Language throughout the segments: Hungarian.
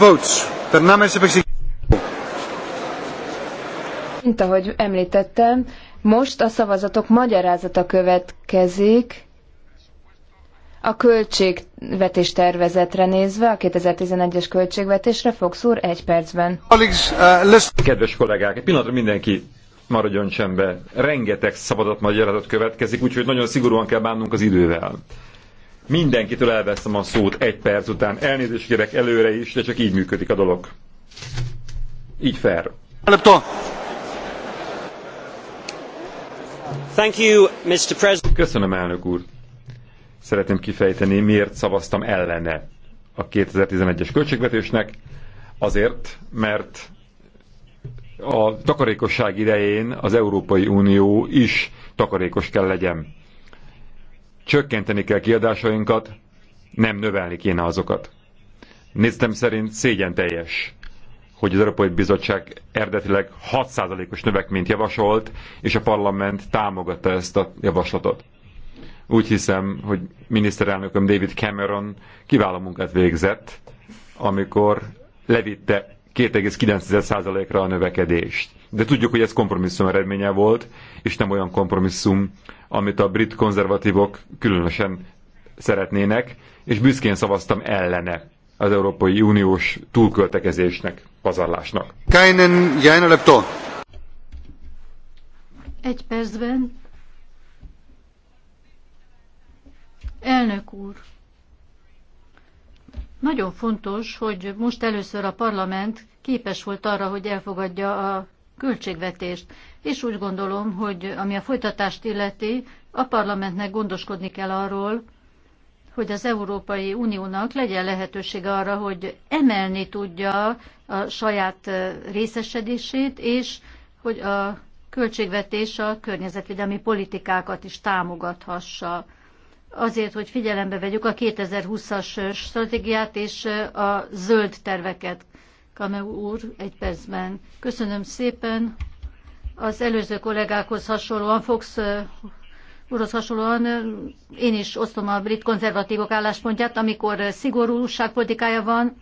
votes. Mint ahogy említettem, most a szavazatok magyarázata következik a költségvetés tervezetre nézve, a 2011-es költségvetésre fogsz úr egy percben. Uh, Kedves kollégák, egy pillanatra mindenki maradjon csembe. Rengeteg szabadat magyarázat következik, úgyhogy nagyon szigorúan kell bánnunk az idővel. Mindenkitől elveszem a szót egy perc után. Elnézést kérek előre is, de csak így működik a dolog. Így fair. Thank you, Mr. President. Köszönöm, elnök úr. Szeretném kifejteni, miért szavaztam ellene a 2011-es költségvetésnek. Azért, mert a takarékosság idején az Európai Unió is takarékos kell legyen Csökkenteni kell kiadásainkat, nem növelni kéne azokat. Néztem szerint szégyen teljes, hogy az Európai Bizottság eredetileg 6%-os növekményt javasolt, és a parlament támogatta ezt a javaslatot. Úgy hiszem, hogy miniszterelnököm David Cameron kiváló munkát végzett, amikor levitte 2,9%-ra a növekedést. De tudjuk, hogy ez kompromisszum eredménye volt, és nem olyan kompromisszum, amit a brit konzervatívok különösen szeretnének, és büszkén szavaztam ellene az Európai Uniós túlköltekezésnek, pazarlásnak. Keinen, jajna Lepto. Egy percben. Elnök úr, nagyon fontos, hogy most először a parlament képes volt arra, hogy elfogadja a költségvetést. És úgy gondolom, hogy ami a folytatást illeti, a parlamentnek gondoskodni kell arról, hogy az Európai Uniónak legyen lehetősége arra, hogy emelni tudja a saját részesedését, és hogy a költségvetés a környezetvédelmi politikákat is támogathassa. Azért, hogy figyelembe vegyük a 2020-as stratégiát és a zöld terveket. Kameu úr, egy percben. Köszönöm szépen. Az előző kollégákhoz hasonlóan, Fox úrhoz hasonlóan én is osztom a brit konzervatívok álláspontját, amikor újságpolitikája van,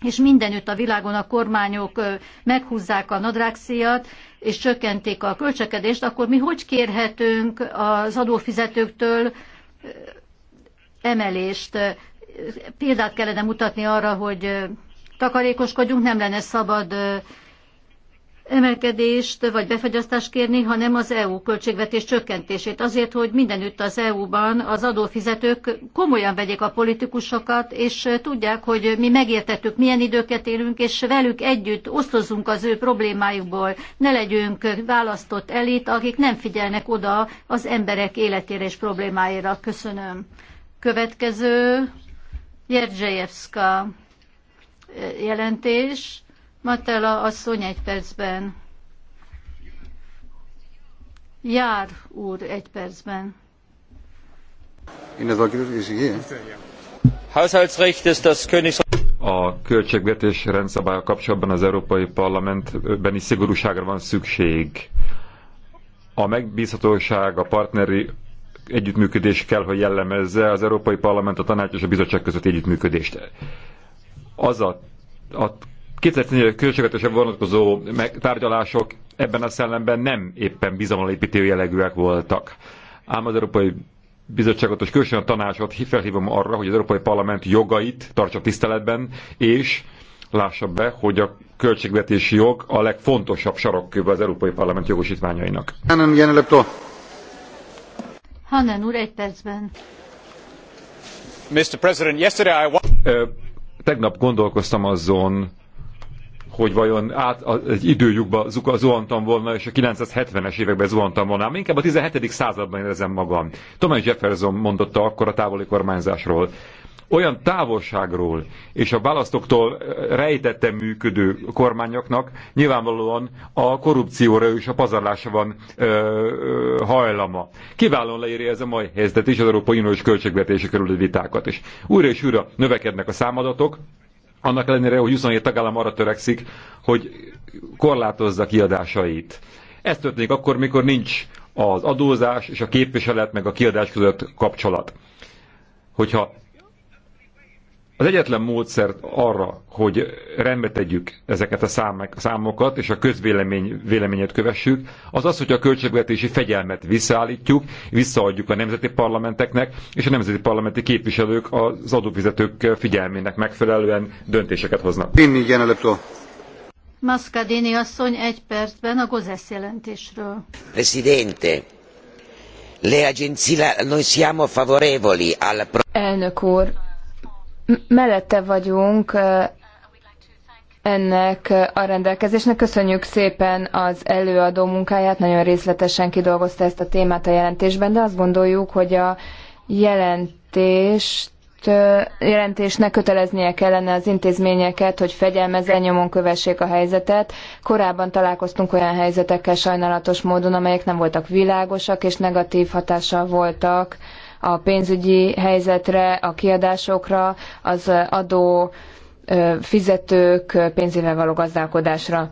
és mindenütt a világon a kormányok meghúzzák a nadrágszíjat, és csökkentik a költsekedést, akkor mi hogy kérhetünk az adófizetőktől emelést? Példát kellene mutatni arra, hogy takarékoskodjunk, nem lenne szabad emelkedést vagy befagyasztást kérni, hanem az EU költségvetés csökkentését. Azért, hogy mindenütt az EU-ban az adófizetők komolyan vegyék a politikusokat, és tudják, hogy mi megértettük, milyen időket élünk, és velük együtt osztozunk az ő problémájukból. Ne legyünk választott elit, akik nem figyelnek oda az emberek életére és problémáira. Köszönöm. Következő Jerzsejewska jelentés. Matella asszony egy percben. Jár úr egy percben. Haushaltsrecht ist das Königs a költségvetés rendszabálya kapcsolatban az Európai Parlamentben is szigorúságra van szükség. A megbízhatóság, a partneri együttműködés kell, hogy jellemezze az Európai Parlament, a Tanács és a Bizottság közötti együttműködést az a, a 2014 költségvetésre vonatkozó tárgyalások ebben a szellemben nem éppen bizalmalépítő jellegűek voltak. Ám az Európai Bizottságot és különösen a tanácsot felhívom arra, hogy az Európai Parlament jogait tartsa tiszteletben, és lássa be, hogy a költségvetési jog a legfontosabb sarokköve az Európai Parlament jogosítványainak. Hanem úr, egy percben. Mr. President, yesterday I tegnap gondolkoztam azon, hogy vajon át, egy időjukba zuhantam volna, és a 970-es években zuhantam volna. Inkább a 17. században érezem magam. Thomas Jefferson mondotta akkor a távoli kormányzásról olyan távolságról és a választoktól rejtette működő kormányoknak nyilvánvalóan a korrupcióra és a pazarlásra van ö, ö, hajlama. Kiválóan leírja ez a mai helyzetet is, az Európai Uniós költségvetési körülő vitákat is. Újra és újra növekednek a számadatok, annak ellenére, hogy 27 tagállam arra törekszik, hogy korlátozza kiadásait. Ez történik akkor, mikor nincs az adózás és a képviselet meg a kiadás között kapcsolat. Hogyha az egyetlen módszer arra, hogy rendbe tegyük ezeket a számokat, és a közvélemény véleményet kövessük, az az, hogy a költségvetési fegyelmet visszaállítjuk, visszaadjuk a nemzeti parlamenteknek, és a nemzeti parlamenti képviselők az adófizetők figyelmének megfelelően döntéseket hoznak. Maszkadini asszony egy percben a gozesz jelentésről. Presidente, le agenzie, noi siamo favorevoli al... Elnök úr, mellette vagyunk ennek a rendelkezésnek. Köszönjük szépen az előadó munkáját, nagyon részletesen kidolgozta ezt a témát a jelentésben, de azt gondoljuk, hogy a jelentést jelentésnek köteleznie kellene az intézményeket, hogy fegyelmezzen nyomon kövessék a helyzetet. Korábban találkoztunk olyan helyzetekkel sajnálatos módon, amelyek nem voltak világosak és negatív hatással voltak a pénzügyi helyzetre, a kiadásokra, az adó fizetők pénzével való gazdálkodásra.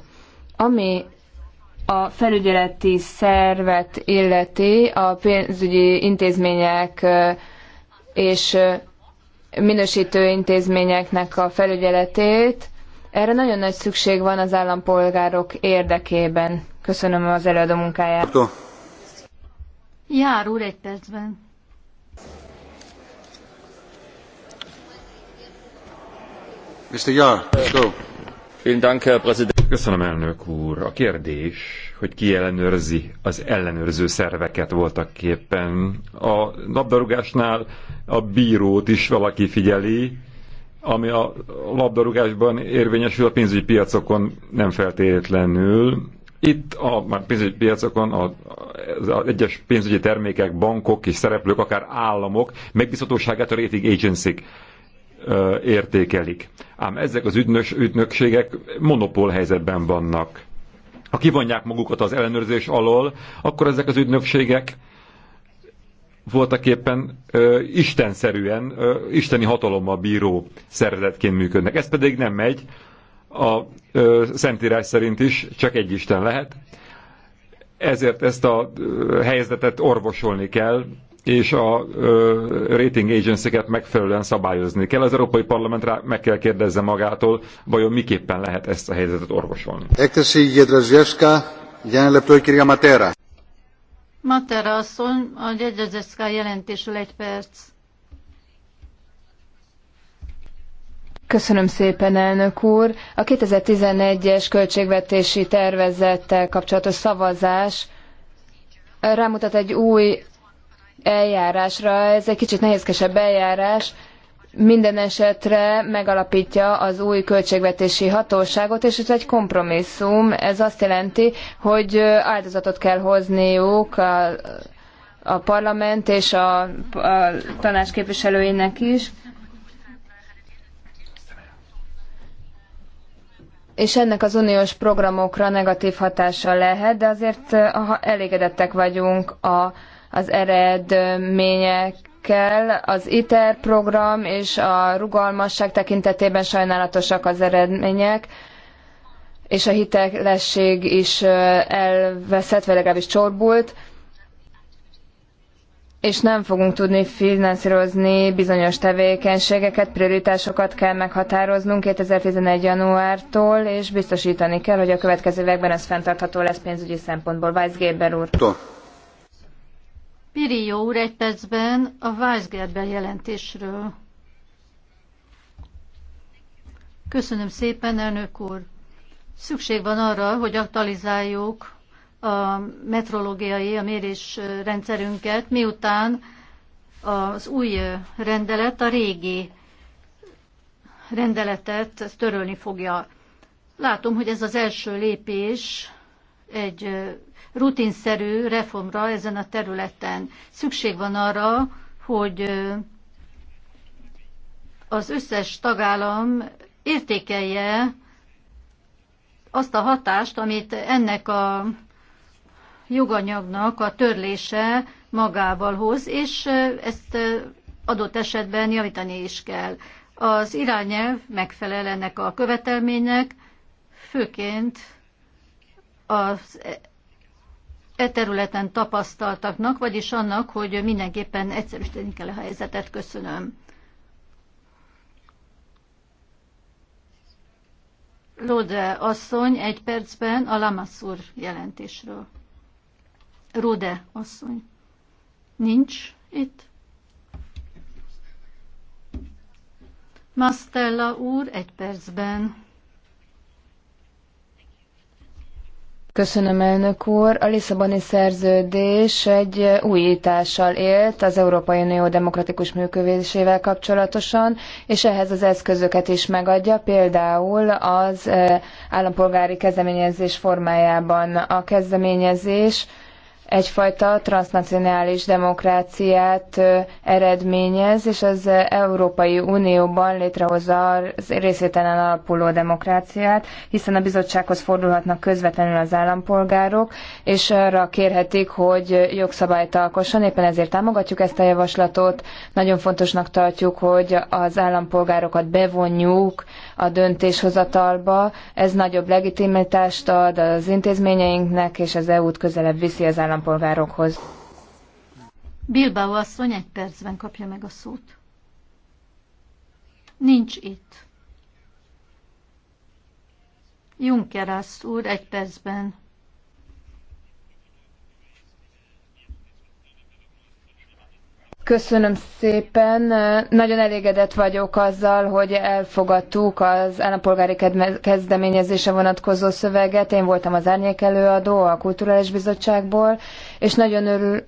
Ami a felügyeleti szervet illeti, a pénzügyi intézmények és minősítő intézményeknek a felügyeletét, erre nagyon nagy szükség van az állampolgárok érdekében. Köszönöm az előadó munkáját. Jár úr, egy percben. Köszönöm, elnök úr. A kérdés, hogy ki ellenőrzi az ellenőrző szerveket voltak A labdarúgásnál a bírót is valaki figyeli, ami a labdarúgásban érvényesül a pénzügyi piacokon nem feltétlenül. Itt a már pénzügyi piacokon a, az egyes pénzügyi termékek, bankok és szereplők, akár államok megbízhatóságát a rating agency értékelik. Ám ezek az ügynös, ügynökségek monopól helyzetben vannak. Ha kivonják magukat az ellenőrzés alól, akkor ezek az ügynökségek voltak éppen ö, istenszerűen, ö, isteni hatalommal bíró szervezetként működnek. Ez pedig nem megy, a ö, Szentírás szerint is csak egy Isten lehet. Ezért ezt a ö, helyzetet orvosolni kell, és a ö, rating agency megfelelően szabályozni kell. Az Európai Parlament rá meg kell kérdezze magától, vajon miképpen lehet ezt a helyzetet orvosolni. Matera. Matera asszony, a Jedrzejewska jelentésül egy perc. Köszönöm szépen, elnök úr. A 2011-es költségvetési tervezettel kapcsolatos szavazás rámutat egy új eljárásra. Ez egy kicsit nehézkesebb eljárás. Minden esetre megalapítja az új költségvetési hatóságot, és ez egy kompromisszum. Ez azt jelenti, hogy áldozatot kell hozniuk a, a parlament és a, a tanács képviselőinek is. és ennek az uniós programokra negatív hatása lehet, de azért elégedettek vagyunk a az eredményekkel. Az ITER program és a rugalmasság tekintetében sajnálatosak az eredmények, és a hitelesség is elveszett, vagy legalábbis csorbult és nem fogunk tudni finanszírozni bizonyos tevékenységeket, prioritásokat kell meghatároznunk 2011. januártól, és biztosítani kell, hogy a következő években ez fenntartható lesz pénzügyi szempontból. Weiss Géber úr. Pirillo úr egy percben a Weisgerd jelentésről. Köszönöm szépen, elnök úr. Szükség van arra, hogy aktualizáljuk a metrológiai, a mérés rendszerünket, miután az új rendelet a régi rendeletet törölni fogja. Látom, hogy ez az első lépés egy rutinszerű reformra ezen a területen. Szükség van arra, hogy az összes tagállam értékelje azt a hatást, amit ennek a joganyagnak a törlése magával hoz, és ezt adott esetben javítani is kell. Az irányelv megfelel ennek a követelménynek, főként az e területen tapasztaltaknak, vagyis annak, hogy mindenképpen egyszerűsíteni kell a helyzetet. Köszönöm. Lode asszony egy percben a Lamassur jelentésről. Rode asszony. Nincs itt. Mastella úr egy percben. Köszönöm, elnök úr. A Lisszaboni szerződés egy újítással élt az Európai Unió demokratikus működésével kapcsolatosan, és ehhez az eszközöket is megadja, például az eh, állampolgári kezdeményezés formájában. A kezdeményezés egyfajta transnacionális demokráciát eredményez, és az Európai Unióban létrehozza a részvételen alapuló demokráciát, hiszen a bizottsághoz fordulhatnak közvetlenül az állampolgárok, és arra kérhetik, hogy jogszabályt alkosson. Éppen ezért támogatjuk ezt a javaslatot. Nagyon fontosnak tartjuk, hogy az állampolgárokat bevonjuk a döntéshozatalba. Ez nagyobb legitimitást ad az intézményeinknek, és az EU-t közelebb viszi az állampolgárokat állampolgárokhoz. Bilbao asszony egy percben kapja meg a szót. Nincs itt. Junker úr egy percben. Köszönöm szépen. Nagyon elégedett vagyok azzal, hogy elfogadtuk az állampolgári kezdeményezése vonatkozó szöveget. Én voltam az árnyék előadó a Kulturális Bizottságból, és nagyon örül,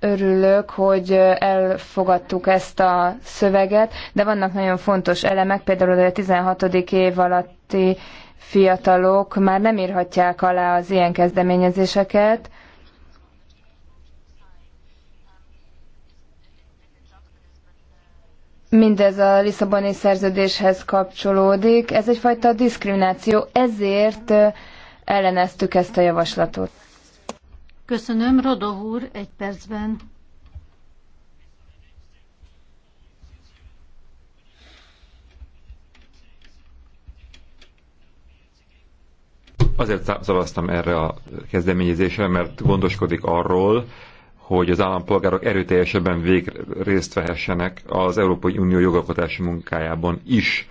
örülök, hogy elfogadtuk ezt a szöveget, de vannak nagyon fontos elemek, például a 16. év alatti fiatalok már nem írhatják alá az ilyen kezdeményezéseket, mindez a Lisszaboni szerződéshez kapcsolódik. Ez egyfajta diszkrimináció, ezért elleneztük ezt a javaslatot. Köszönöm, Rodó úr, egy percben. Azért szavaztam erre a kezdeményezésre, mert gondoskodik arról, hogy az állampolgárok erőteljesebben vég részt vehessenek az Európai Unió jogalkotási munkájában is.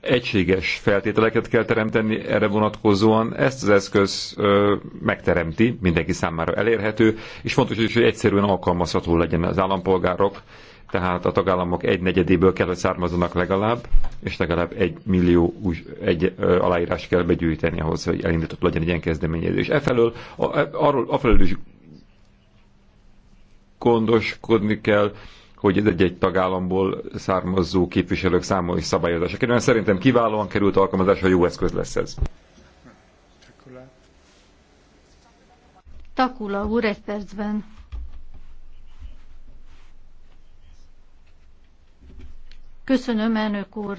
Egységes feltételeket kell teremteni erre vonatkozóan, ezt az eszköz ö, megteremti, mindenki számára elérhető, és fontos is, hogy egyszerűen alkalmazható legyen az állampolgárok, tehát a tagállamok egy negyedéből kell, hogy származanak legalább, és legalább egy millió új egy ö, aláírás kell begyűjteni ahhoz, hogy elindított legyen egy ilyen kezdeményezés. Efelől, a, e, arról, afelől is gondoskodni kell, hogy ez egy-egy tagállamból származó képviselők számol és szabályozása kerül. Szerintem kiválóan került alkalmazásra, jó eszköz lesz ez. Takula úr, egy percben. Köszönöm, elnök úr.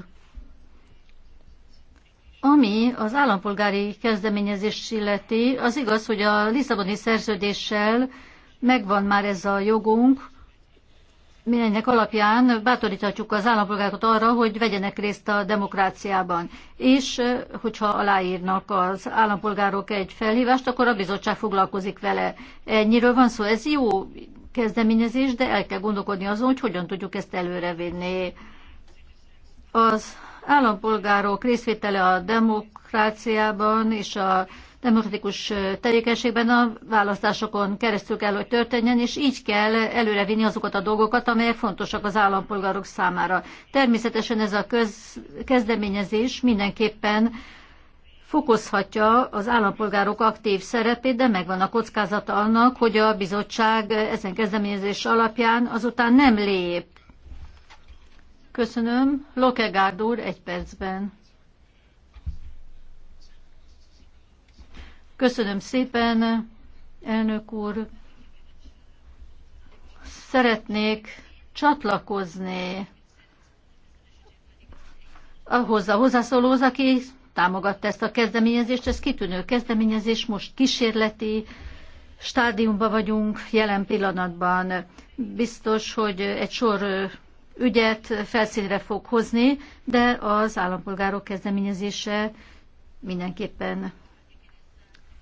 Ami az állampolgári kezdeményezés illeti, az igaz, hogy a Lisszaboni szerződéssel megvan már ez a jogunk, mindennek alapján bátoríthatjuk az állampolgárokat arra, hogy vegyenek részt a demokráciában. És hogyha aláírnak az állampolgárok egy felhívást, akkor a bizottság foglalkozik vele. Ennyiről van szó, ez jó kezdeményezés, de el kell gondolkodni azon, hogy hogyan tudjuk ezt előrevinni. Az állampolgárok részvétele a demokráciában és a demokratikus tevékenységben a választásokon keresztül kell, hogy történjen, és így kell előrevinni azokat a dolgokat, amelyek fontosak az állampolgárok számára. Természetesen ez a köz, kezdeményezés mindenképpen fokozhatja az állampolgárok aktív szerepét, de megvan a kockázata annak, hogy a bizottság ezen kezdeményezés alapján azután nem lép. Köszönöm. Lokegárd úr, egy percben. Köszönöm szépen, elnök úr. Szeretnék csatlakozni ahhoz a hozzászólóhoz, aki támogatta ezt a kezdeményezést. Ez kitűnő kezdeményezés, most kísérleti stádiumban vagyunk jelen pillanatban. Biztos, hogy egy sor ügyet felszínre fog hozni, de az állampolgárok kezdeményezése mindenképpen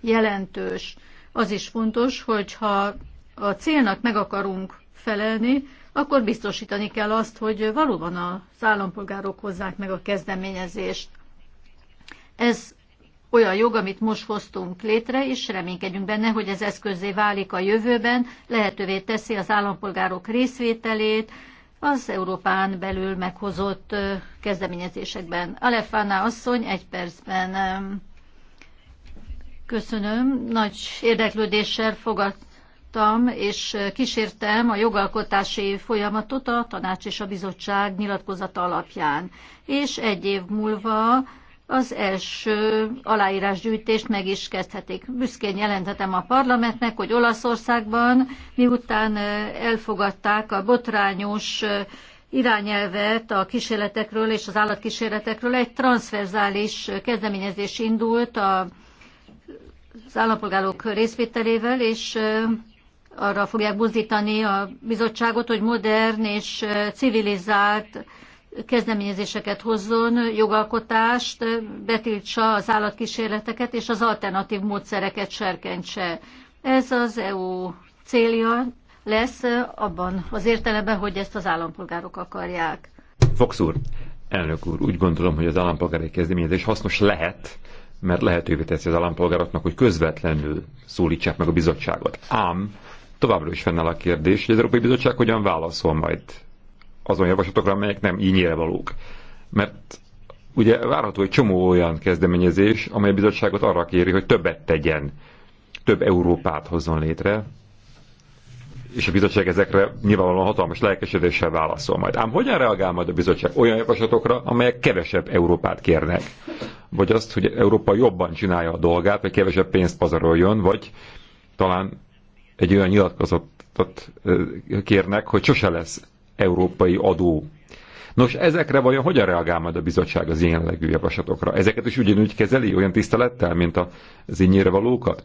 jelentős. Az is fontos, hogyha a célnak meg akarunk felelni, akkor biztosítani kell azt, hogy valóban az állampolgárok hozzák meg a kezdeményezést. Ez olyan jog, amit most hoztunk létre, és reménykedjünk benne, hogy ez eszközé válik a jövőben, lehetővé teszi az állampolgárok részvételét, az Európán belül meghozott kezdeményezésekben. Alefana asszony egy percben. Köszönöm. Nagy érdeklődéssel fogadtam és kísértem a jogalkotási folyamatot a tanács és a bizottság nyilatkozata alapján. És egy év múlva az első aláírásgyűjtést meg is kezdhetik. Büszkén jelenthetem a parlamentnek, hogy Olaszországban, miután elfogadták a botrányos irányelvet a kísérletekről és az állatkísérletekről, egy transzverzális kezdeményezés indult a az állampolgárok részvételével, és arra fogják buzdítani a bizottságot, hogy modern és civilizált kezdeményezéseket hozzon, jogalkotást, betiltsa az állatkísérleteket és az alternatív módszereket serkentse. Ez az EU célja lesz abban az értelemben, hogy ezt az állampolgárok akarják. Fox úr, elnök úr, úgy gondolom, hogy az állampolgári kezdeményezés hasznos lehet, mert lehetővé teszi az állampolgároknak, hogy közvetlenül szólítsák meg a bizottságot. Ám továbbra is fennáll a kérdés, hogy az Európai Bizottság hogyan válaszol majd azon javaslatokra, amelyek nem így valók. Mert ugye várható egy csomó olyan kezdeményezés, amely a bizottságot arra kéri, hogy többet tegyen, több Európát hozzon létre, és a bizottság ezekre nyilvánvalóan hatalmas lelkesedéssel válaszol majd. Ám hogyan reagál majd a bizottság olyan javaslatokra, amelyek kevesebb Európát kérnek? Vagy azt, hogy Európa jobban csinálja a dolgát, vagy kevesebb pénzt pazaroljon, vagy talán egy olyan nyilatkozatot kérnek, hogy sose lesz európai adó. Nos, ezekre vajon hogyan reagál majd a bizottság az ilyen javaslatokra? Ezeket is ugyanúgy kezeli, olyan tisztelettel, mint az innyire valókat?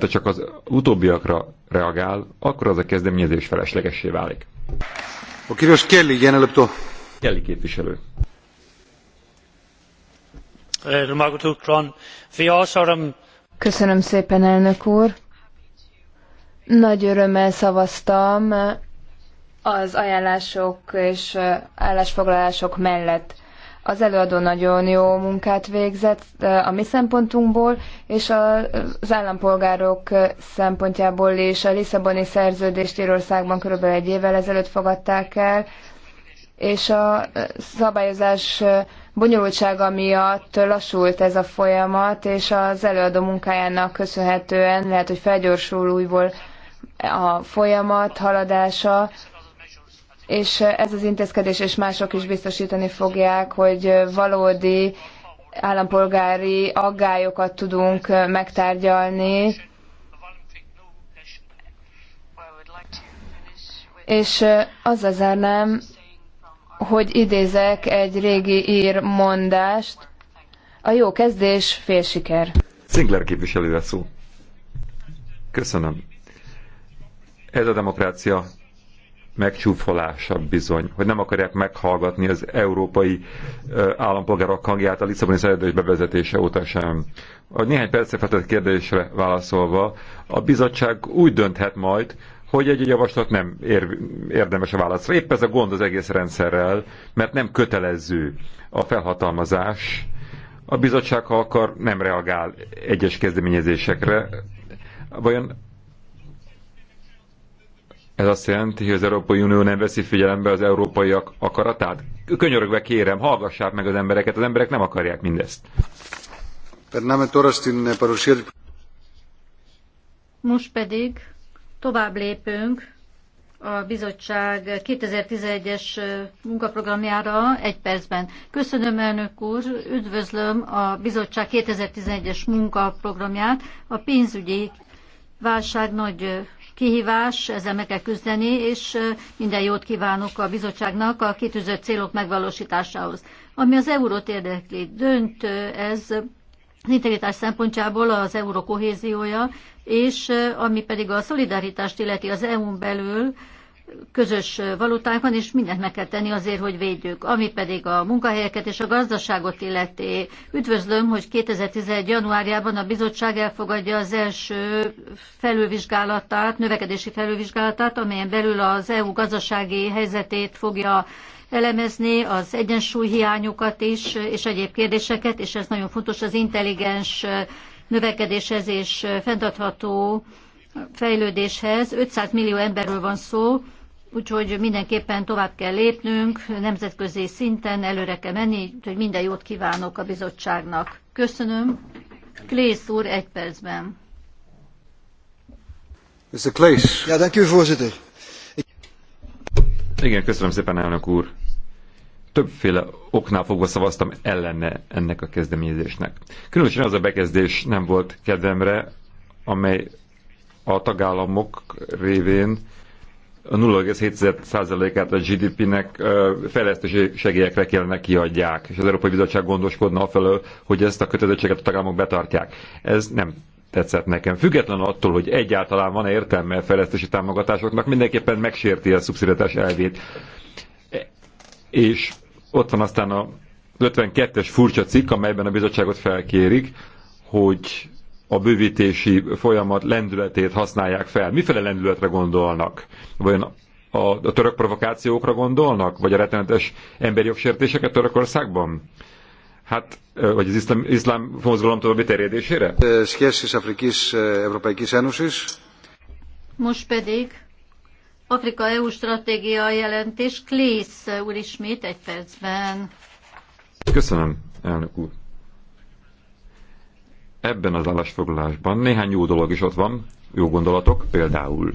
mert ha csak az utóbbiakra reagál, akkor az a kezdeményezés feleslegessé válik. A kíros Kelly, igen, előbb Kelly képviselő. Köszönöm szépen, elnök úr. Nagy örömmel szavaztam az ajánlások és eh, állásfoglalások mellett. Az előadó nagyon jó munkát végzett a mi szempontunkból, és az állampolgárok szempontjából is a Lisszaboni szerződést Írországban körülbelül egy évvel ezelőtt fogadták el, és a szabályozás bonyolultsága miatt lassult ez a folyamat, és az előadó munkájának köszönhetően lehet, hogy felgyorsul újból a folyamat haladása, és ez az intézkedés és mások is biztosítani fogják, hogy valódi állampolgári aggályokat tudunk megtárgyalni, és azzal zárnám, hogy idézek egy régi ír mondást, a jó kezdés fél siker. Sinclair képviselő szó. Köszönöm. Ez a demokrácia megcsúfolása bizony, hogy nem akarják meghallgatni az európai állampolgárok hangját a Lisszaboni szerződés bevezetése óta sem. A néhány percre feltett kérdésre válaszolva, a bizottság úgy dönthet majd, hogy egy javaslat nem ér, érdemes a válaszra. Épp ez a gond az egész rendszerrel, mert nem kötelező a felhatalmazás. A bizottság, ha akar, nem reagál egyes kezdeményezésekre. Vajon ez azt jelenti, hogy az Európai Unió nem veszi figyelembe az európaiak akaratát? Könyörögve kérem, hallgassák meg az embereket, az emberek nem akarják mindezt. Most pedig tovább lépünk a bizottság 2011-es munkaprogramjára egy percben. Köszönöm, elnök úr, üdvözlöm a bizottság 2011-es munkaprogramját. A pénzügyi válság nagy kihívás, ezzel meg kell küzdeni, és minden jót kívánok a bizottságnak a kitűzött célok megvalósításához. Ami az eurót érdekli, dönt ez az integritás szempontjából az euró kohéziója, és ami pedig a szolidaritást illeti az EU-n belül, közös valutánk van, és mindent meg kell tenni azért, hogy védjük. Ami pedig a munkahelyeket és a gazdaságot illeti. Üdvözlöm, hogy 2011. januárjában a bizottság elfogadja az első felülvizsgálatát, növekedési felülvizsgálatát, amelyen belül az EU gazdasági helyzetét fogja elemezni az egyensúlyhiányokat is, és egyéb kérdéseket, és ez nagyon fontos az intelligens növekedéshez és fenntartható fejlődéshez. 500 millió emberről van szó, úgyhogy mindenképpen tovább kell lépnünk, nemzetközi szinten előre kell menni, úgyhogy minden jót kívánok a bizottságnak. Köszönöm. Klész úr, egy percben. Mr. Klész. Ja, dank u, Igen, köszönöm szépen, elnök úr. Többféle oknál fogva szavaztam ellene ennek a kezdeményezésnek. Különösen az a bekezdés nem volt kedvemre, amely a tagállamok révén a 0,7%-át a GDP-nek fejlesztési segélyekre kellene kiadják, és az Európai Bizottság gondoskodna afelől, hogy ezt a kötelezettséget a tagállamok betartják. Ez nem tetszett nekem. Független attól, hogy egyáltalán van-e értelme a fejlesztési támogatásoknak, mindenképpen megsérti a szubszidiatás elvét. És ott van aztán a 52-es furcsa cikk, amelyben a bizottságot felkérik, hogy a bővítési folyamat lendületét használják fel. Mifele lendületre gondolnak? Vajon a, a török provokációkra gondolnak? Vagy a rettenetes jogsértéseket Törökországban? Hát, vagy az iszlám, iszlám mozgalom további terjedésére? Afrikis, európai kis is. Most pedig Afrika EU stratégia jelentés. Klész úr ismét egy percben. Köszönöm, elnök úr. Ebben az állásfoglalásban néhány jó dolog is ott van, jó gondolatok, például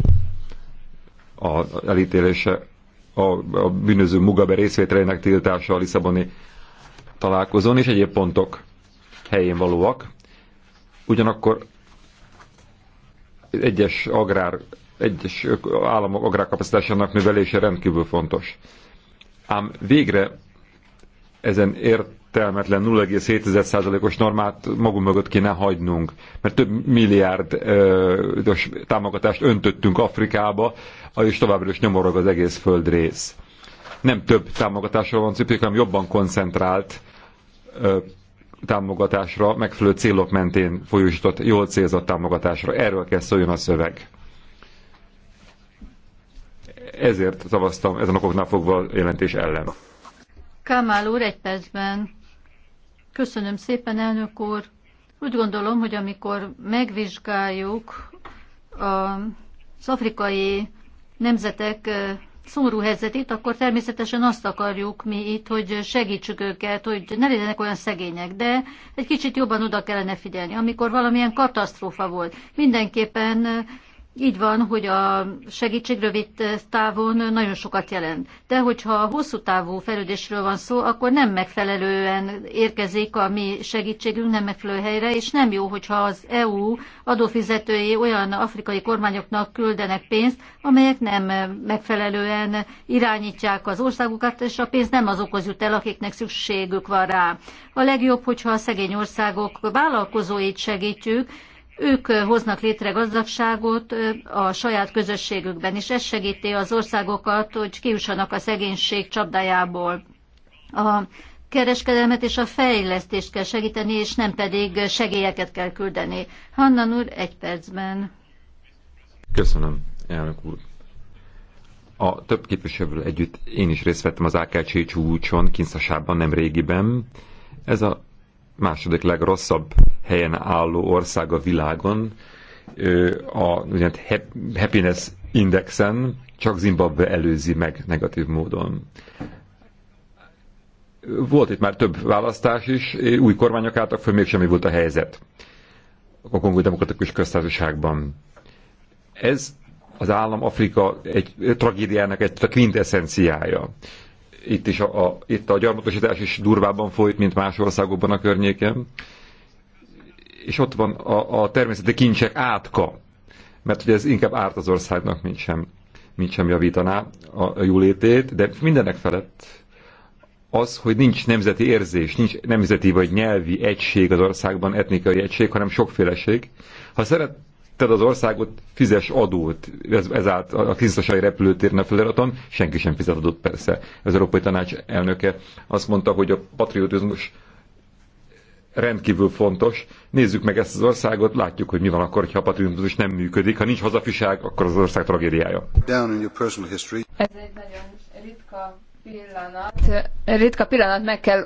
a elítélése, a, a bűnöző Mugabe részvételének tiltása a Lisszaboni találkozón, és egyéb pontok helyén valóak. Ugyanakkor egyes agrár, egyes államok agrárkapacitásának növelése rendkívül fontos. Ám végre ezen ért értelmetlen 0,7%-os normát magunk mögött kéne hagynunk, mert több milliárd, ö, támogatást öntöttünk Afrikába, és továbbra is nyomorog az egész földrész. Nem több támogatásra van szükség, hanem jobban koncentrált támogatásra, megfelelő célok mentén folyósított, jól célzott támogatásra. Erről kell szóljon a szöveg. Ezért szavaztam ezen okoknál fogva a jelentés ellen. Kamál úr, egy percben. Köszönöm szépen, elnök úr. Úgy gondolom, hogy amikor megvizsgáljuk az afrikai nemzetek szomorú helyzetét, akkor természetesen azt akarjuk mi itt, hogy segítsük őket, hogy ne legyenek olyan szegények, de egy kicsit jobban oda kellene figyelni. Amikor valamilyen katasztrófa volt, mindenképpen így van, hogy a segítség rövid távon nagyon sokat jelent. De hogyha hosszú távú fejlődésről van szó, akkor nem megfelelően érkezik a mi segítségünk, nem megfelelő helyre, és nem jó, hogyha az EU adófizetői olyan afrikai kormányoknak küldenek pénzt, amelyek nem megfelelően irányítják az országukat, és a pénz nem azokhoz jut el, akiknek szükségük van rá. A legjobb, hogyha a szegény országok vállalkozóit segítjük, ők hoznak létre gazdagságot a saját közösségükben, és ez segíti az országokat, hogy kiussanak a szegénység csapdájából. A kereskedelmet és a fejlesztést kell segíteni, és nem pedig segélyeket kell küldeni. Hannan úr, egy percben. Köszönöm, elnök úr. A több képviselővel együtt én is részt vettem az AKC csúcson, Kinszasában nem régiben. Ez a második legrosszabb helyen álló ország a világon, a úgynevezett happiness indexen csak Zimbabwe előzi meg negatív módon. Volt itt már több választás is, új kormányok álltak föl, még semmi volt a helyzet a Kongói Demokratikus Köztársaságban. Ez az állam Afrika egy tragédiának egy a quintessenciája itt is a, a, itt a gyarmatosítás is durvábban folyt, mint más országokban a környéken. És ott van a, a természeti kincsek átka, mert ugye ez inkább árt az országnak, mint sem, mint sem javítaná a, a jólétét, de mindenek felett az, hogy nincs nemzeti érzés, nincs nemzeti vagy nyelvi egység az országban, etnikai egység, hanem sokféleség. Ha szeret, tehát az országot, fizes adót, ez, ezált a kisztosai repülőtérne feliraton, senki sem fizet adót persze. Az Európai Tanács elnöke azt mondta, hogy a patriotizmus rendkívül fontos. Nézzük meg ezt az országot, látjuk, hogy mi van akkor, ha a patriotizmus nem működik. Ha nincs hazafiság, akkor az ország tragédiája. Down in your personal history. Ez egy nagyon ritka pillanat. Ritka pillanat meg kell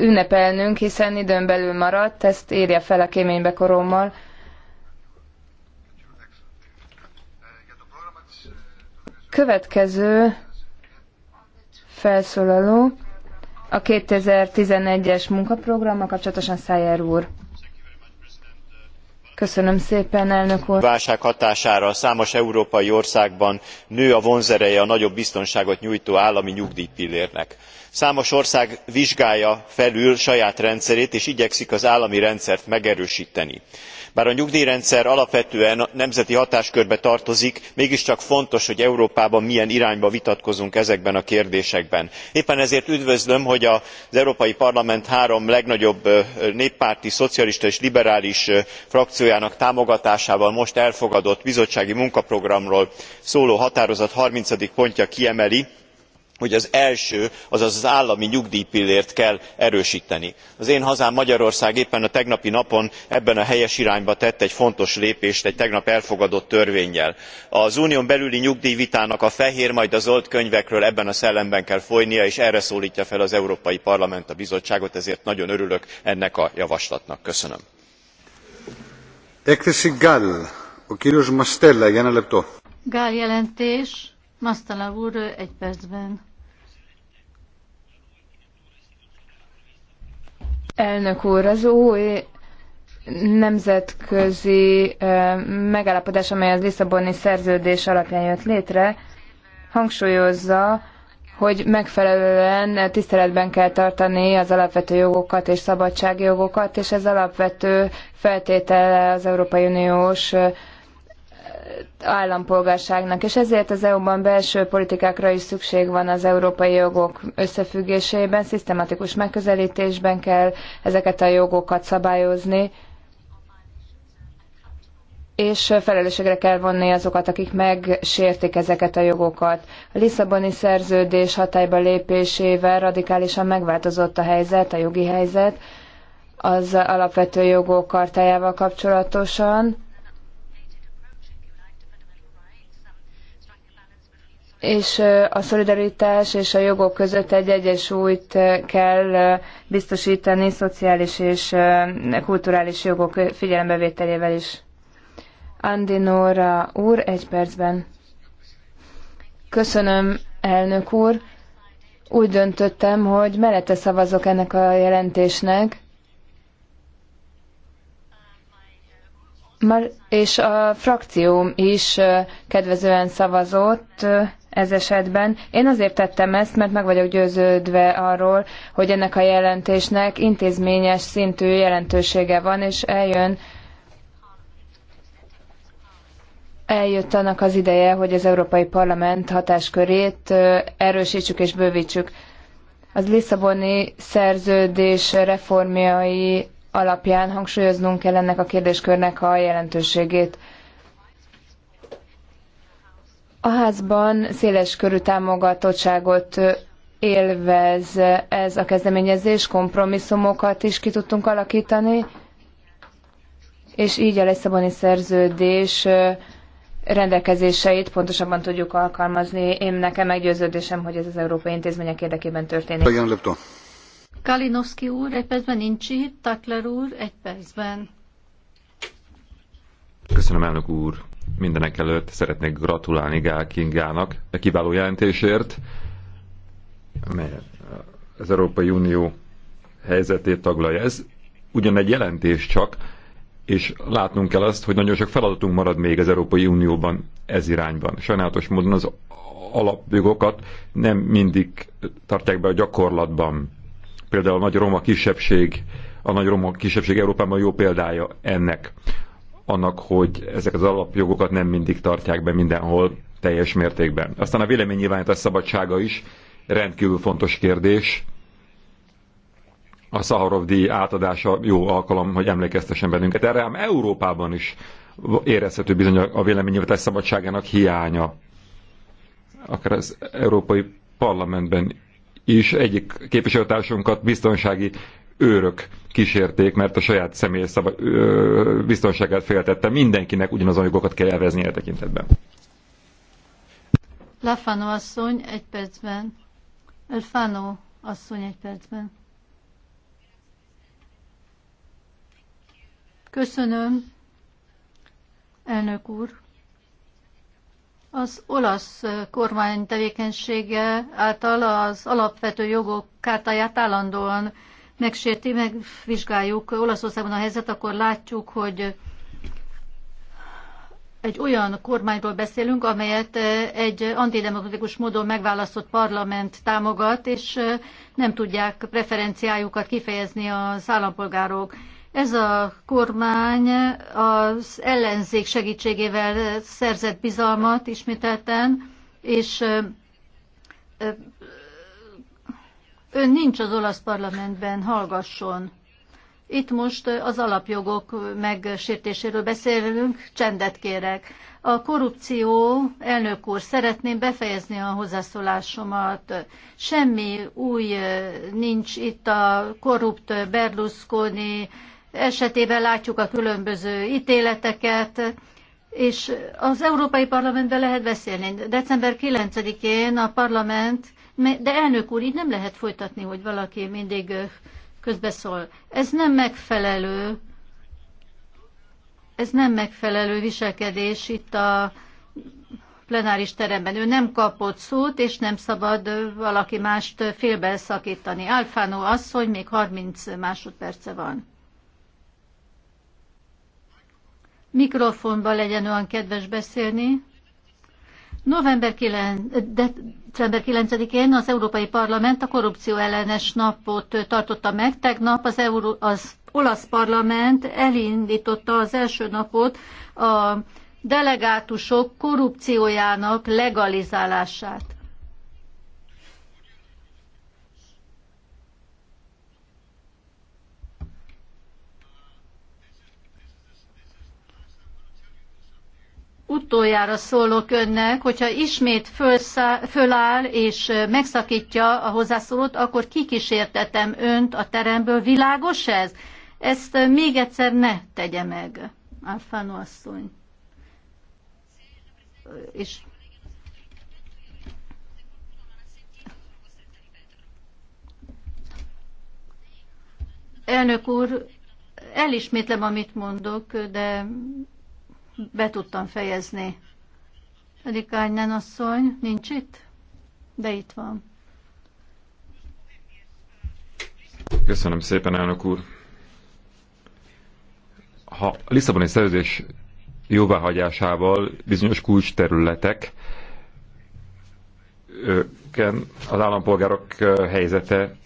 ünnepelnünk, hiszen időn belül maradt, ezt írja fel a kéménybe korommal. Következő felszólaló a 2011-es munkaprogrammal kapcsolatosan Szájer úr. Köszönöm szépen, elnök úr. válság hatására számos európai országban nő a vonzereje a nagyobb biztonságot nyújtó állami nyugdíjpillérnek. számos ország vizsgálja felül saját rendszerét és igyekszik az állami rendszert megerősteni bár a nyugdjrendszer alapvetően nemzeti hatáskörbe tartozik mégiscsak fontos hogy európában milyen irányba vitatkozunk ezekben a kérdésekben. éppen ezért üdvözlöm hogy az európai parlament három legnagyobb néppárti szocialista és liberális frakciójának támogatásával most elfogadott bizottsági munkaprogramról szóló határozat thirty pontja kiemeli hogy az első azaz az állami nyugdjpillért kell erősteni. az én hazám magyarország éppen a tegnapi napon ebben a helyes irányba tett egy fontos lépést egy tegnap elfogadott törvénnyel. az unión belüli nyugdjvitának a fehér majd a zöld könyvekről ebben a szellemben kell folynia és erre szóltja fel az európai parlament a bizottságot ezért nagyon örülök ennek a javaslatnak. köszönöm. gál jelentés Masztala úr, egy percben. Elnök úr, az új nemzetközi megállapodás, amely az Lisszaboni szerződés alapján jött létre, hangsúlyozza, hogy megfelelően tiszteletben kell tartani az alapvető jogokat és szabadságjogokat, és ez alapvető feltétele az Európai Uniós állampolgárságnak, és ezért az EU-ban belső politikákra is szükség van az európai jogok összefüggésében, szisztematikus megközelítésben kell ezeket a jogokat szabályozni, és felelősségre kell vonni azokat, akik megsértik ezeket a jogokat. A Lisszaboni szerződés hatályba lépésével radikálisan megváltozott a helyzet, a jogi helyzet, az alapvető jogok kartájával kapcsolatosan, és a szolidaritás és a jogok között egy egyensúlyt kell biztosítani szociális és kulturális jogok figyelembevételével is. Andi Nóra úr, egy percben. Köszönöm, elnök úr. Úgy döntöttem, hogy mellette szavazok ennek a jelentésnek, és a frakcióm is kedvezően szavazott, ez esetben. Én azért tettem ezt, mert meg vagyok győződve arról, hogy ennek a jelentésnek intézményes szintű jelentősége van, és eljön eljött annak az ideje, hogy az Európai Parlament hatáskörét erősítsük és bővítsük. Az Lisszaboni szerződés reformjai alapján hangsúlyoznunk kell ennek a kérdéskörnek a jelentőségét. A házban széles körű támogatottságot élvez ez a kezdeményezés, kompromisszumokat is ki tudtunk alakítani, és így a Lisszaboni szerződés rendelkezéseit pontosabban tudjuk alkalmazni. Én nekem meggyőződésem, hogy ez az európai intézmények érdekében történik. Kalinowski úr, egy percben nincs itt, Takler úr, egy percben. Köszönöm, elnök úr. Mindenek előtt szeretnék gratulálni Gál Kingának a kiváló jelentésért, mely az Európai Unió helyzetét taglalja. Ez ugyan egy jelentés csak, és látnunk kell azt, hogy nagyon sok feladatunk marad még az Európai Unióban ez irányban. Sajnálatos módon az alapjogokat nem mindig tartják be a gyakorlatban. Például a nagy roma kisebbség, a nagy roma kisebbség Európában jó példája ennek annak, hogy ezek az alapjogokat nem mindig tartják be mindenhol teljes mértékben. Aztán a véleménynyilvánítás szabadsága is rendkívül fontos kérdés. A Szaharov díj átadása jó alkalom, hogy emlékeztessen bennünket. Erre ám Európában is érezhető bizony a véleménynyilvánítás szabadságának hiánya. Akár az Európai Parlamentben is egyik képviselőtársunkat biztonsági őrök kísérték, mert a saját személy szava ö, biztonságát féltette. Mindenkinek ugyanazon jogokat kell elvezni a e tekintetben. Lafano asszony, egy percben. Elfano asszony, egy percben. Köszönöm, elnök úr. Az olasz kormány tevékenysége által az alapvető jogok kártáját állandóan megsérti, megvizsgáljuk Olaszországban a helyzet, akkor látjuk, hogy egy olyan kormányról beszélünk, amelyet eh, egy antidemokratikus módon megválasztott parlament támogat, és eh, nem tudják preferenciájukat kifejezni az állampolgárok. Ez a kormány az ellenzék segítségével szerzett bizalmat ismételten, és eh, ön nincs az olasz parlamentben, hallgasson. Itt most az alapjogok megsértéséről beszélünk, csendet kérek. A korrupció, elnök úr, szeretném befejezni a hozzászólásomat. Semmi új eh, nincs itt a korrupt Berlusconi esetében látjuk a különböző ítéleteket, és az Európai Parlamentben lehet beszélni. December 9-én a parlament de elnök úr, így nem lehet folytatni, hogy valaki mindig közbeszól. Ez nem megfelelő, ez nem megfelelő viselkedés itt a plenáris teremben. Ő nem kapott szót, és nem szabad valaki mást félbe szakítani. Alfánó asszony, még 30 másodperce van. Mikrofonba legyen olyan kedves beszélni. November 9, december 9-én az Európai Parlament a korrupció ellenes napot tartotta meg. Tegnap az, Euró, az olasz parlament elindította az első napot a delegátusok korrupciójának legalizálását. utoljára szólok önnek, hogyha ismét föláll és megszakítja a hozzászólót, akkor kikísértetem önt a teremből. Világos ez? Ezt még egyszer ne tegye meg, Alfano asszony. És Elnök úr, elismétlem, amit mondok, de be tudtam fejezni. Rikányen asszony, nincs itt? De itt van. Köszönöm szépen, elnök úr. Ha a Lisszaboni szerződés jóváhagyásával bizonyos kulcs területek az állampolgárok helyzete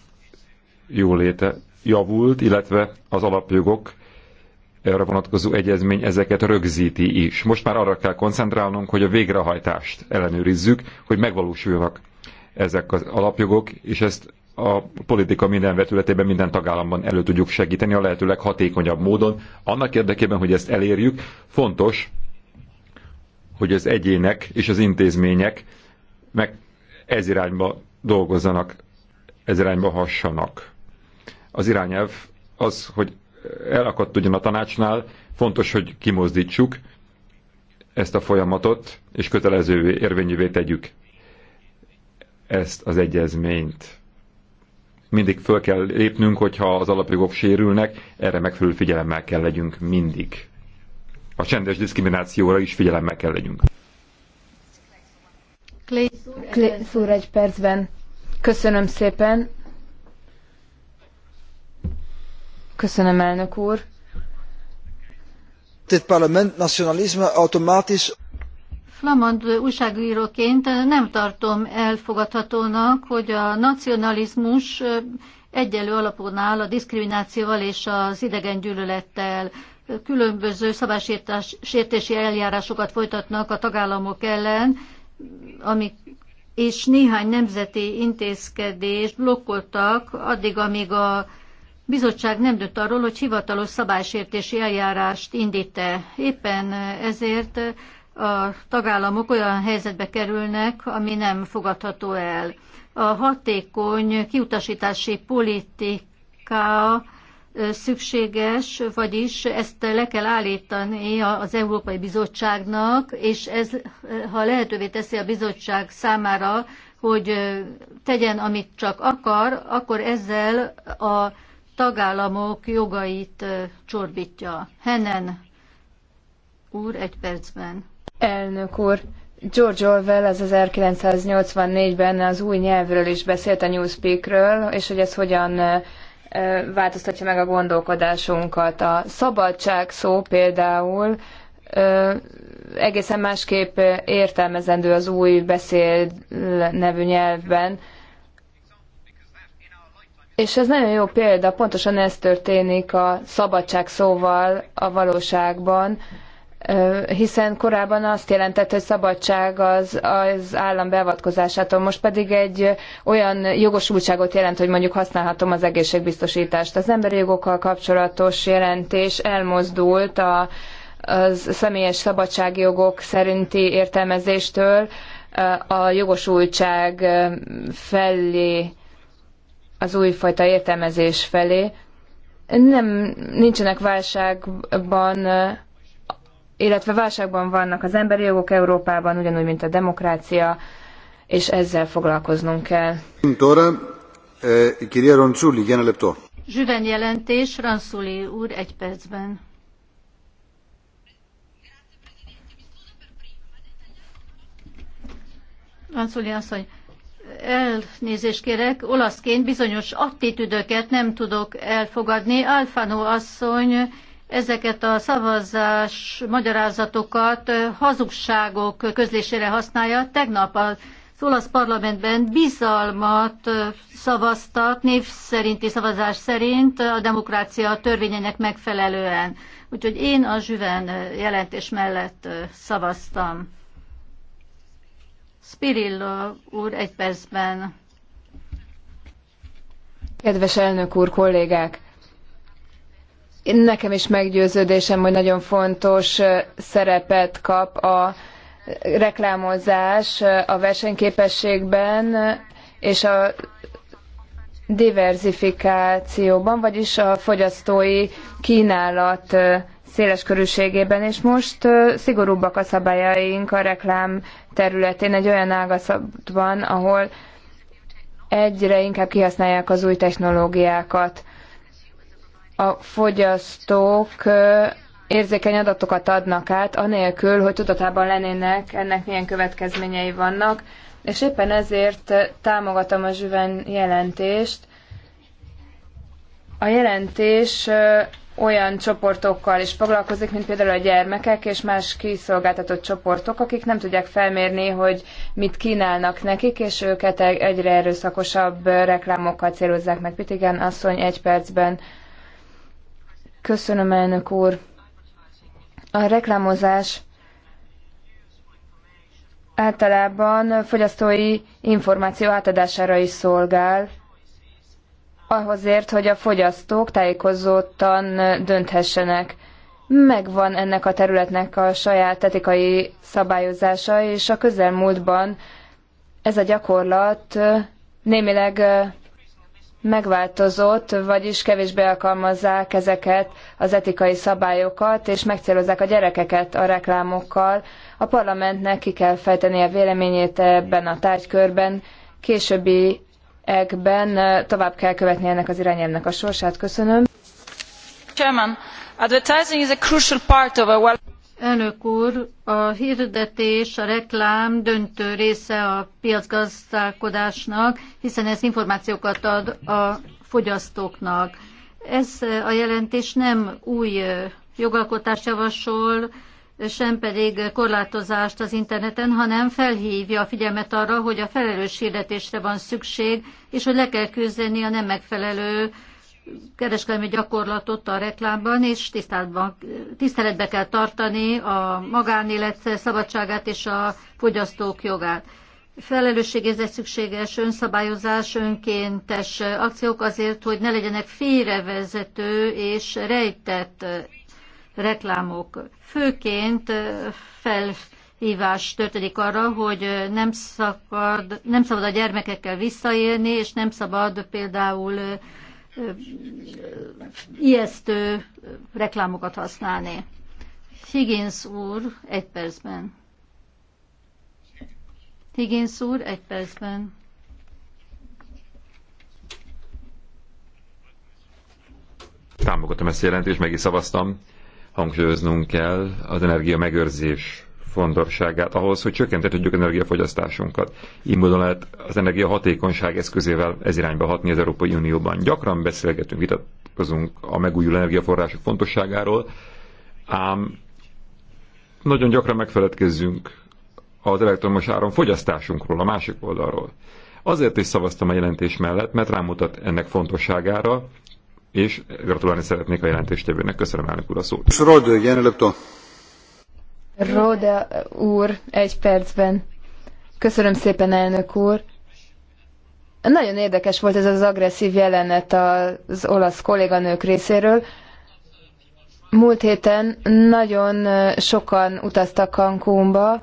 jóléte javult, illetve az alapjogok erre vonatkozó egyezmény ezeket rögzíti is. Most már arra kell koncentrálnunk, hogy a végrehajtást ellenőrizzük, hogy megvalósuljanak ezek az alapjogok, és ezt a politika minden vetületében, minden tagállamban elő tudjuk segíteni a lehetőleg hatékonyabb módon. Annak érdekében, hogy ezt elérjük, fontos, hogy az egyének és az intézmények meg ez irányba dolgozzanak, ez irányba hassanak. Az irányelv az, hogy elakadt ugyan a tanácsnál, fontos, hogy kimozdítsuk ezt a folyamatot, és kötelező érvényűvé tegyük ezt az egyezményt. Mindig föl kell lépnünk, hogyha az alapjogok sérülnek, erre megfelelő figyelemmel kell legyünk mindig. A csendes diszkriminációra is figyelemmel kell legyünk. Clay szúr egy percben. Köszönöm szépen. Köszönöm, elnök úr. Dit parlament nacionalizme automatisch flamand újságíróként nem tartom elfogadhatónak, hogy a nacionalizmus egyenlő alapon áll a diszkriminációval és az idegen gyűlölettel. Különböző szabálysértési eljárásokat folytatnak a tagállamok ellen, amik és néhány nemzeti intézkedést blokkoltak addig, amíg a bizottság nem dönt arról, hogy hivatalos szabálysértési eljárást indít-e. Éppen ezért a tagállamok olyan helyzetbe kerülnek, ami nem fogadható el. A hatékony kiutasítási politika szükséges, vagyis ezt le kell állítani az Európai Bizottságnak, és ez, ha lehetővé teszi a bizottság számára, hogy tegyen, amit csak akar, akkor ezzel a tagállamok jogait csorbítja. Henen úr, egy percben. Elnök úr, George Orwell az 1984-ben az új nyelvről is beszélt a Newspeakről, és hogy ez hogyan változtatja meg a gondolkodásunkat. A szabadság szó például egészen másképp értelmezendő az új beszél nevű nyelvben, és ez nagyon jó példa, pontosan ez történik a szabadság szóval a valóságban, hiszen korábban azt jelentett, hogy szabadság az, az állam beavatkozásától, most pedig egy olyan jogosultságot jelent, hogy mondjuk használhatom az egészségbiztosítást. Az emberi jogokkal kapcsolatos jelentés elmozdult a, az személyes szabadságjogok szerinti értelmezéstől a jogosultság felé az újfajta értelmezés felé. Nem, nincsenek válságban, illetve válságban vannak az emberi jogok Európában, ugyanúgy, mint a demokrácia, és ezzel foglalkoznunk kell. Eh, Zsüven jelentés, Ranszuli úr, egy percben. Ranszuli asszony, elnézést kérek, olaszként bizonyos attitűdöket nem tudok elfogadni. Alfano asszony ezeket a szavazás magyarázatokat hazugságok közlésére használja. Tegnap az olasz parlamentben bizalmat szavaztak név szerinti szavazás szerint a demokrácia törvényének megfelelően. Úgyhogy én a Zsüven jelentés mellett szavaztam. Spirillo úr egy percben. Kedves elnök úr, kollégák! Nekem is meggyőződésem, hogy nagyon fontos szerepet kap a reklámozás a versenyképességben és a diversifikációban, vagyis a fogyasztói kínálat széles körülségében, és most szigorúbbak a szabályaink a reklám területén, egy olyan van, ahol egyre inkább kihasználják az új technológiákat. A fogyasztók érzékeny adatokat adnak át, anélkül, hogy tudatában lennének ennek milyen következményei vannak, és éppen ezért támogatom a Zsüven jelentést. A jelentés olyan csoportokkal is foglalkozik, mint például a gyermekek és más kiszolgáltatott csoportok, akik nem tudják felmérni, hogy mit kínálnak nekik, és őket e- egyre erőszakosabb reklámokkal célozzák meg. Pitigen asszony egy percben. Köszönöm, elnök úr. A reklámozás általában fogyasztói információ átadására is szolgál, ahhozért, hogy a fogyasztók tájékozottan dönthessenek. Megvan ennek a területnek a saját etikai szabályozása, és a közelmúltban ez a gyakorlat némileg megváltozott, vagyis kevésbé alkalmazzák ezeket az etikai szabályokat, és megcélozzák a gyerekeket a reklámokkal. A parlamentnek ki kell fejteni a véleményét ebben a tárgykörben, későbbi években tovább kell követni ennek az irányelvnek a sorsát. Köszönöm. Chairman, advertising is a crucial part of a well Elnök úr, a hirdetés, a reklám döntő része a piacgazdálkodásnak, hiszen ez információkat ad a fogyasztóknak. Ez a jelentés nem új jogalkotást javasol, sem pedig korlátozást az interneten, hanem felhívja a figyelmet arra, hogy a felelős hirdetésre van szükség, és hogy le kell küzdeni a nem megfelelő kereskedelmi gyakorlatot a reklámban, és tiszteletbe kell tartani a magánélet szabadságát és a fogyasztók jogát. Felelősségézet szükséges önszabályozás, önkéntes akciók azért, hogy ne legyenek félrevezető és rejtett reklámok. Főként felhívás történik arra, hogy nem, szakad, nem szabad a gyermekekkel visszaélni, és nem szabad például ijesztő reklámokat használni. Higgins úr, egy percben. Higgins úr, egy percben. Támogatom ezt a jelentést, meg is szavaztam hangsúlyoznunk kell az energia megőrzés fontosságát ahhoz, hogy csökkenteni tudjuk energiafogyasztásunkat. Így módon lehet az energia hatékonyság eszközével ez irányba hatni az Európai Unióban. Gyakran beszélgetünk, vitatkozunk a megújuló energiaforrások fontosságáról, ám nagyon gyakran megfeledkezzünk az elektromos áram fogyasztásunkról, a másik oldalról. Azért is szavaztam a jelentés mellett, mert rámutat ennek fontosságára, és gratulálni szeretnék a jelentéstevőnek. Köszönöm elnök úr a szót. Rode úr, egy percben. Köszönöm szépen, elnök úr. Nagyon érdekes volt ez az agresszív jelenet az olasz kolléganők részéről. Múlt héten nagyon sokan utaztak Cancúnba,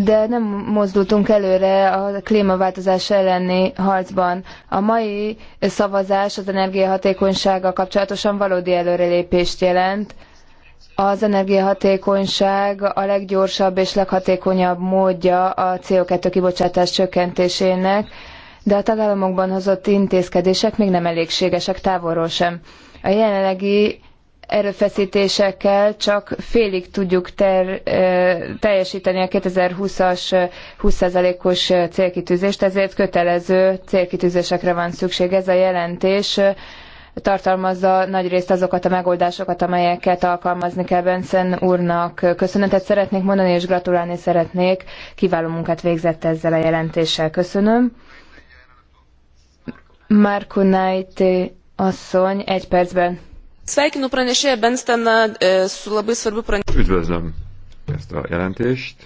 de nem mozdultunk előre a klímaváltozás elleni harcban. A mai szavazás az energiahatékonysággal kapcsolatosan valódi előrelépést jelent. Az energiahatékonyság a leggyorsabb és leghatékonyabb módja a CO2 kibocsátás csökkentésének, de a tagállamokban hozott intézkedések még nem elégségesek távolról sem. A jelenlegi erőfeszítésekkel csak félig tudjuk ter, teljesíteni a 2020-as 20%-os célkitűzést, ezért kötelező célkitűzésekre van szükség. Ez a jelentés tartalmazza nagyrészt azokat a megoldásokat, amelyeket alkalmazni kell Benson úrnak. Köszönetet szeretnék mondani, és gratulálni szeretnék. Kiváló munkát végzett ezzel a jelentéssel. Köszönöm. Marko Knight asszony, egy percben. Sveikinu pranešėją Bensteną e, su labai svarbiu pranešimu. Üdvözlöm ezt a jelentést.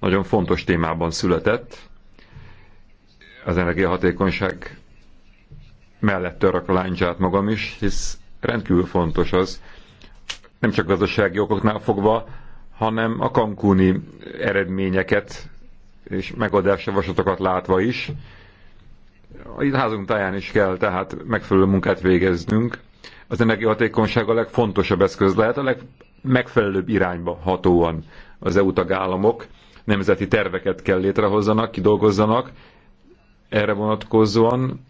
Nagyon fontos témában született. Az energiahatékonyság mellett török a láncsát magam is, hisz rendkívül fontos az, nem csak gazdasági okoknál fogva, hanem a kankúni eredményeket és javaslatokat látva is. A házunk táján is kell tehát megfelelő munkát végeznünk, az energiahatékonyság a legfontosabb eszköz lehet, a legmegfelelőbb irányba hatóan az EU tagállamok nemzeti terveket kell létrehozzanak, kidolgozzanak erre vonatkozóan,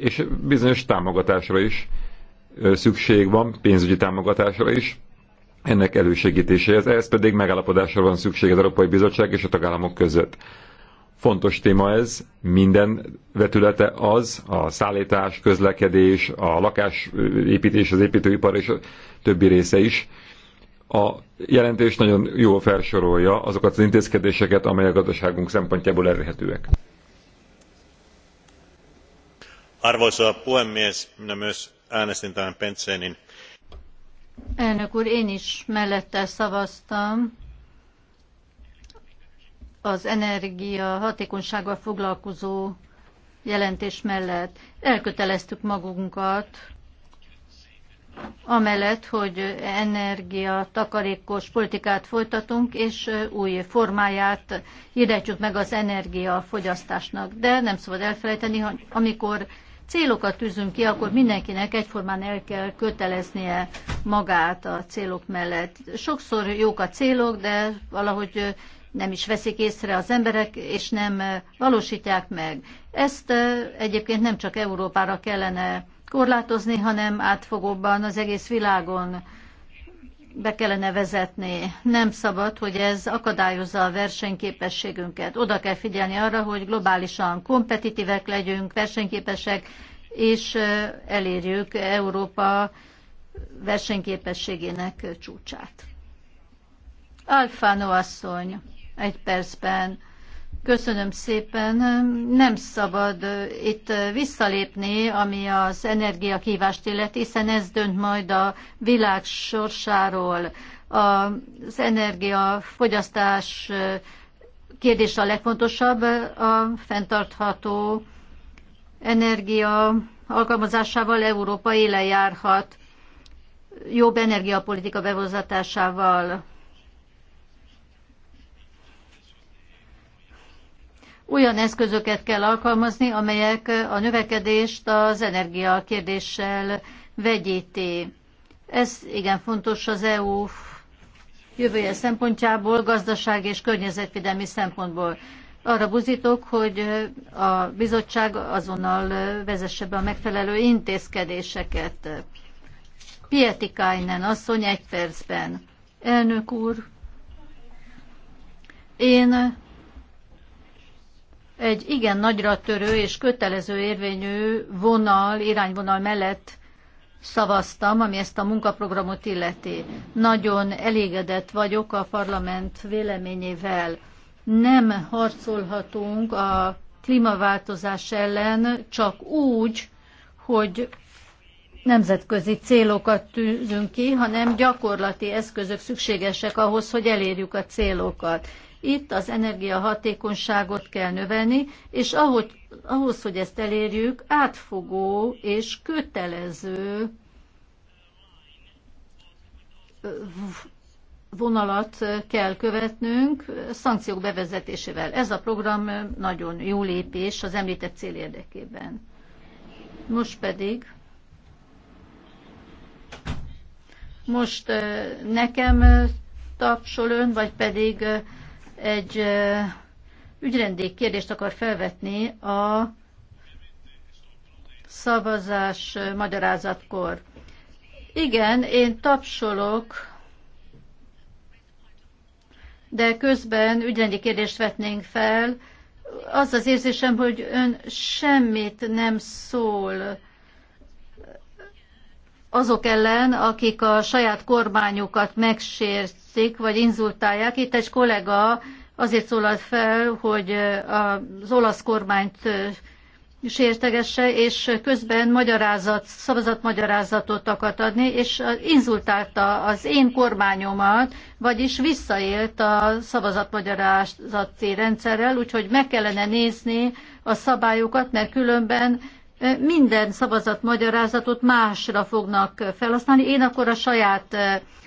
és bizonyos támogatásra is szükség van, pénzügyi támogatásra is, ennek elősegítéséhez. Ehhez pedig megállapodásra van szükség az Európai Bizottság és a tagállamok között. Fontos téma ez, minden vetülete az, a szállítás, közlekedés, a lakásépítés, az építőipar és a többi része is. A jelentés nagyon jól felsorolja azokat az intézkedéseket, amelyek a gazdaságunk szempontjából elérhetőek. Arvoisa puhemies, minä myös äänestin tämän Pentsenin. Elnök úr, én is mellette szavaztam az energia hatékonysággal foglalkozó jelentés mellett. Elköteleztük magunkat amellett, hogy energia takarékos politikát folytatunk, és új formáját hirdetjük meg az energiafogyasztásnak. De nem szabad elfelejteni, hogy amikor célokat tűzünk ki, akkor mindenkinek egyformán el kell köteleznie magát a célok mellett. Sokszor jók a célok, de valahogy nem is veszik észre az emberek, és nem eh, valósítják meg. Ezt eh, egyébként nem csak Európára kellene korlátozni, hanem átfogóban az egész világon be kellene vezetni. Nem szabad, hogy ez akadályozza a versenyképességünket. Oda kell figyelni arra, hogy globálisan kompetitívek legyünk, versenyképesek, és eh, elérjük Európa versenyképességének csúcsát. Alfano asszony egy percben. Köszönöm szépen. Nem szabad itt visszalépni, ami az energiakívást illeti, hiszen ez dönt majd a világ sorsáról. Az energiafogyasztás kérdése a legfontosabb, a fenntartható energia alkalmazásával Európa élen járhat, jobb energiapolitika bevozatásával. olyan eszközöket kell alkalmazni, amelyek a növekedést az energia kérdéssel vegyíti. Ez igen fontos az EU jövője szempontjából, gazdaság és környezetvédelmi szempontból. Arra buzítok, hogy a bizottság azonnal vezesse be a megfelelő intézkedéseket. Pietikainen asszony egy percben. Elnök úr, én egy igen nagyra törő és kötelező érvényű vonal, irányvonal mellett szavaztam, ami ezt a munkaprogramot illeti. Nagyon elégedett vagyok a parlament véleményével. Nem harcolhatunk a klímaváltozás ellen csak úgy, hogy nemzetközi célokat tűzünk ki, hanem gyakorlati eszközök szükségesek ahhoz, hogy elérjük a célokat. Itt az energiahatékonyságot kell növelni, és ahogy, ahhoz, hogy ezt elérjük, átfogó és kötelező vonalat kell követnünk szankciók bevezetésével. Ez a program nagyon jó lépés az említett cél érdekében. Most pedig most nekem tapsol ön, vagy pedig egy ügyrendi kérdést akar felvetni a szavazás magyarázatkor. Igen, én tapsolok, de közben ügyrendi kérdést vetnénk fel. Az az érzésem, hogy ön semmit nem szól azok ellen, akik a saját kormányukat megsértik, vagy inzultálják. Itt egy kollega azért szólalt fel, hogy az olasz kormányt sértegesse, és közben magyarázat, szavazatmagyarázatot akart adni, és inzultálta az én kormányomat, vagyis visszaélt a szavazatmagyarázati rendszerrel, úgyhogy meg kellene nézni a szabályokat, mert különben minden szavazat magyarázatot másra fognak felhasználni. Én akkor a saját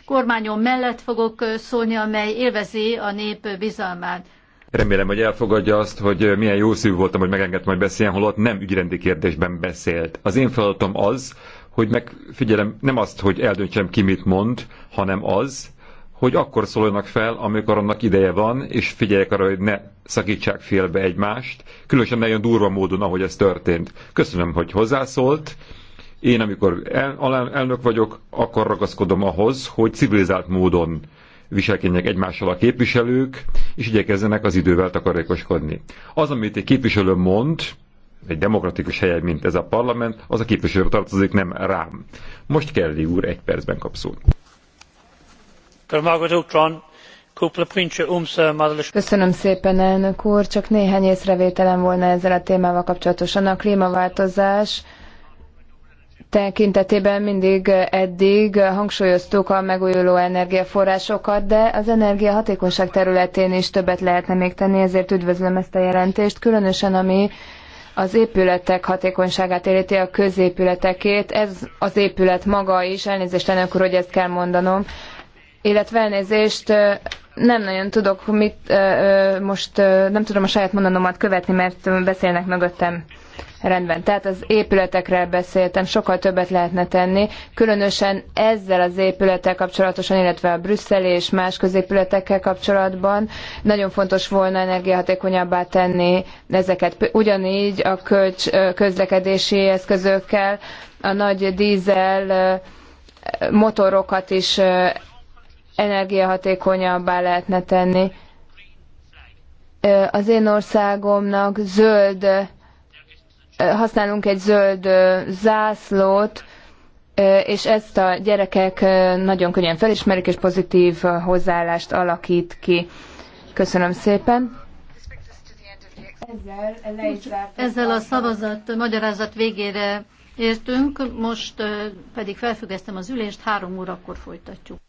kormányom mellett fogok szólni, amely élvezi a nép bizalmát. Remélem, hogy elfogadja azt, hogy milyen jó szív voltam, hogy megengedt majd beszéljen, holott nem ügyrendi kérdésben beszélt. Az én feladatom az, hogy megfigyelem nem azt, hogy eldöntsem ki mit mond, hanem az, hogy akkor szóljanak fel, amikor annak ideje van, és figyeljek arra, hogy ne szakítsák félbe egymást, különösen nagyon durva módon, ahogy ez történt. Köszönöm, hogy hozzászólt. Én, amikor el, elnök vagyok, akkor ragaszkodom ahhoz, hogy civilizált módon viselkedjenek egymással a képviselők, és igyekezzenek az idővel takarékoskodni. Az, amit egy képviselő mond, egy demokratikus helyen, mint ez a parlament, az a képviselő tartozik, nem rám. Most Kelly úr egy percben kap szót. Köszönöm szépen, elnök úr. Csak néhány észrevételem volna ezzel a témával kapcsolatosan. A klímaváltozás tekintetében mindig eddig hangsúlyoztuk a megújuló energiaforrásokat, de az energiahatékonyság területén is többet lehetne még tenni, ezért üdvözlöm ezt a jelentést, különösen ami az épületek hatékonyságát érinti a középületekét. Ez az épület maga is, elnézést elnök úr, hogy ezt kell mondanom, illetve elnézést nem nagyon tudok mit, most nem tudom a saját mondanomat követni, mert beszélnek mögöttem. Rendben, tehát az épületekre beszéltem, sokkal többet lehetne tenni, különösen ezzel az épülettel kapcsolatosan, illetve a brüsszeli és más középületekkel kapcsolatban nagyon fontos volna energiahatékonyabbá tenni ezeket. Ugyanígy a kölcs, közlekedési eszközökkel, a nagy dízel motorokat is energiahatékonyabbá lehetne tenni. Az én országomnak zöld, használunk egy zöld zászlót, és ezt a gyerekek nagyon könnyen felismerik, és pozitív hozzáállást alakít ki. Köszönöm szépen. Ezzel, a szavazat, magyarázat végére értünk, most pedig felfüggesztem az ülést, három órakor folytatjuk.